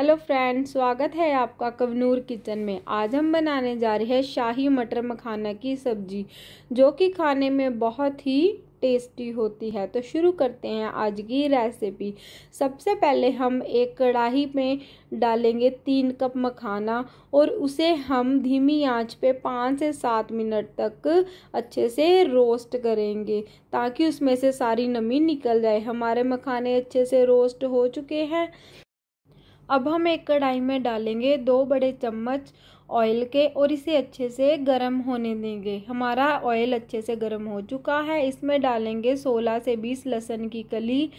hello friend स्वागत है आपका कवनूर किचन में आज हम बनाने जा रहे हैं शाही मटर मखाना की सब्जी जो कि खाने में बहुत ही टेस्टी होती है तो शुरू करते हैं आज की रेसिपी सबसे पहले हम एक कढ़ाई में डालेंगे तीन कप मखाना और उसे हम धीमी आंच पे पाँच से सात मिनट तक अच्छे से रोस्ट करेंगे ताकि उसमें से सारी नमी निकल जाए हमारे मखाने अच्छे से रोस्ट हो चुके हैं अब हम एक कढ़ाई में डालेंगे दो बड़े चम्मच ऑयल के और इसे अच्छे से गर्म होने देंगे हमारा ऑयल अच्छे से गर्म हो चुका है इसमें डालेंगे सोलह से बीस लहसुन की कली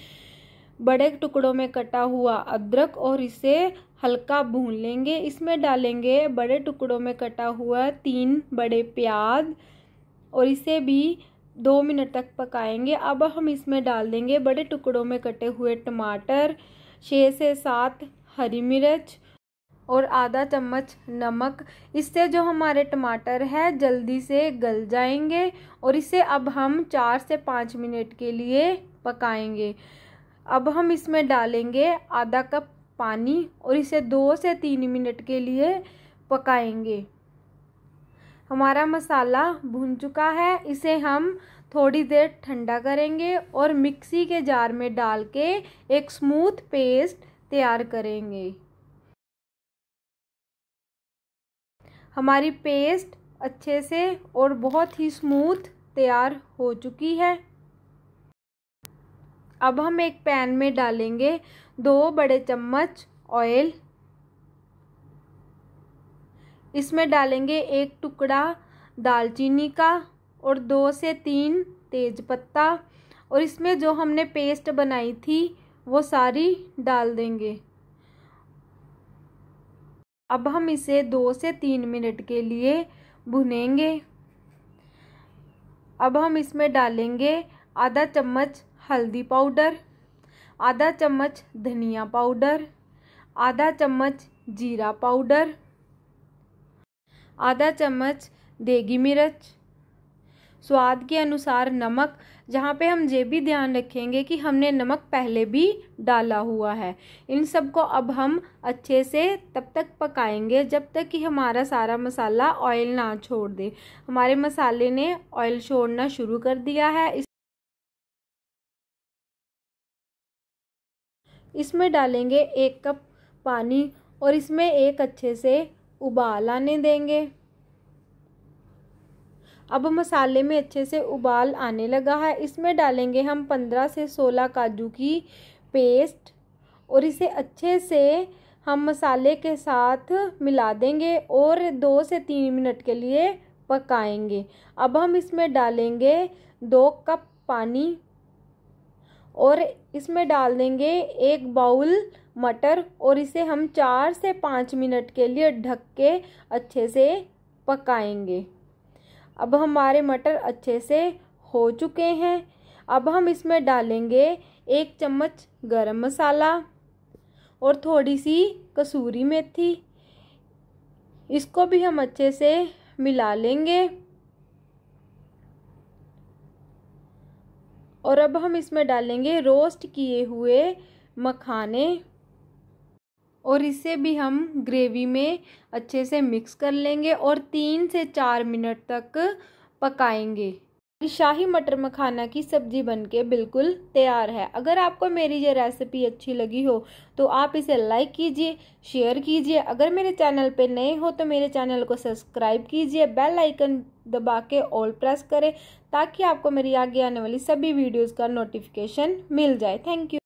बड़े टुकड़ों में कटा हुआ अदरक और इसे हल्का भून लेंगे इसमें डालेंगे बड़े टुकड़ों में कटा हुआ तीन बड़े प्याज और इसे भी दो मिनट तक पकाएंगे अब हम इसमें डाल देंगे बड़े टुकड़ों में कटे हुए टमाटर छः से सात हरी मिर्च और आधा चम्मच नमक इससे जो हमारे टमाटर है जल्दी से गल जाएंगे और इसे अब हम चार से पाँच मिनट के लिए पकाएंगे अब हम इसमें डालेंगे आधा कप पानी और इसे दो से तीन मिनट के लिए पकाएंगे हमारा मसाला भुन चुका है इसे हम थोड़ी देर ठंडा करेंगे और मिक्सी के जार में डाल के एक स्मूथ पेस्ट तैयार करेंगे हमारी पेस्ट अच्छे से और बहुत ही स्मूथ तैयार हो चुकी है अब हम एक पैन में डालेंगे दो बड़े चम्मच ऑयल इसमें डालेंगे एक टुकड़ा दालचीनी का और दो से तीन तेज पत्ता और इसमें जो हमने पेस्ट बनाई थी वो सारी डाल देंगे अब हम इसे दो से तीन मिनट के लिए भुनेंगे अब हम इसमें डालेंगे आधा चम्मच हल्दी पाउडर आधा चम्मच धनिया पाउडर आधा चम्मच जीरा पाउडर आधा चम्मच देगी मिर्च स्वाद के अनुसार नमक जहाँ पे हम ये भी ध्यान रखेंगे कि हमने नमक पहले भी डाला हुआ है इन सब को अब हम अच्छे से तब तक पकाएंगे जब तक कि हमारा सारा मसाला ऑयल ना छोड़ दे हमारे मसाले ने ऑयल छोड़ना शुरू कर दिया है इस इसमें डालेंगे एक कप पानी और इसमें एक अच्छे से उबाल आने देंगे अब मसाले में अच्छे से उबाल आने लगा है इसमें डालेंगे हम पंद्रह से सोलह काजू की पेस्ट और इसे अच्छे से हम मसाले के साथ मिला देंगे और दो से तीन मिनट के लिए पकाएंगे अब हम इसमें डालेंगे दो कप पानी और इसमें डाल देंगे एक बाउल मटर और इसे हम चार से पाँच मिनट के लिए ढक के अच्छे से पकाएंगे अब हमारे मटर अच्छे से हो चुके हैं अब हम इसमें डालेंगे एक चम्मच गरम मसाला और थोड़ी सी कसूरी मेथी इसको भी हम अच्छे से मिला लेंगे और अब हम इसमें डालेंगे रोस्ट किए हुए मखाने और इसे भी हम ग्रेवी में अच्छे से मिक्स कर लेंगे और तीन से चार मिनट तक पकाएंगे शाही मटर मखाना की सब्ज़ी बनके बिल्कुल तैयार है अगर आपको मेरी ये रेसिपी अच्छी लगी हो तो आप इसे लाइक कीजिए शेयर कीजिए अगर मेरे चैनल पे नए हो तो मेरे चैनल को सब्सक्राइब कीजिए बेल आइकन दबा के ऑल प्रेस करें ताकि आपको मेरी आगे आने वाली सभी वीडियोज़ का नोटिफिकेशन मिल जाए थैंक यू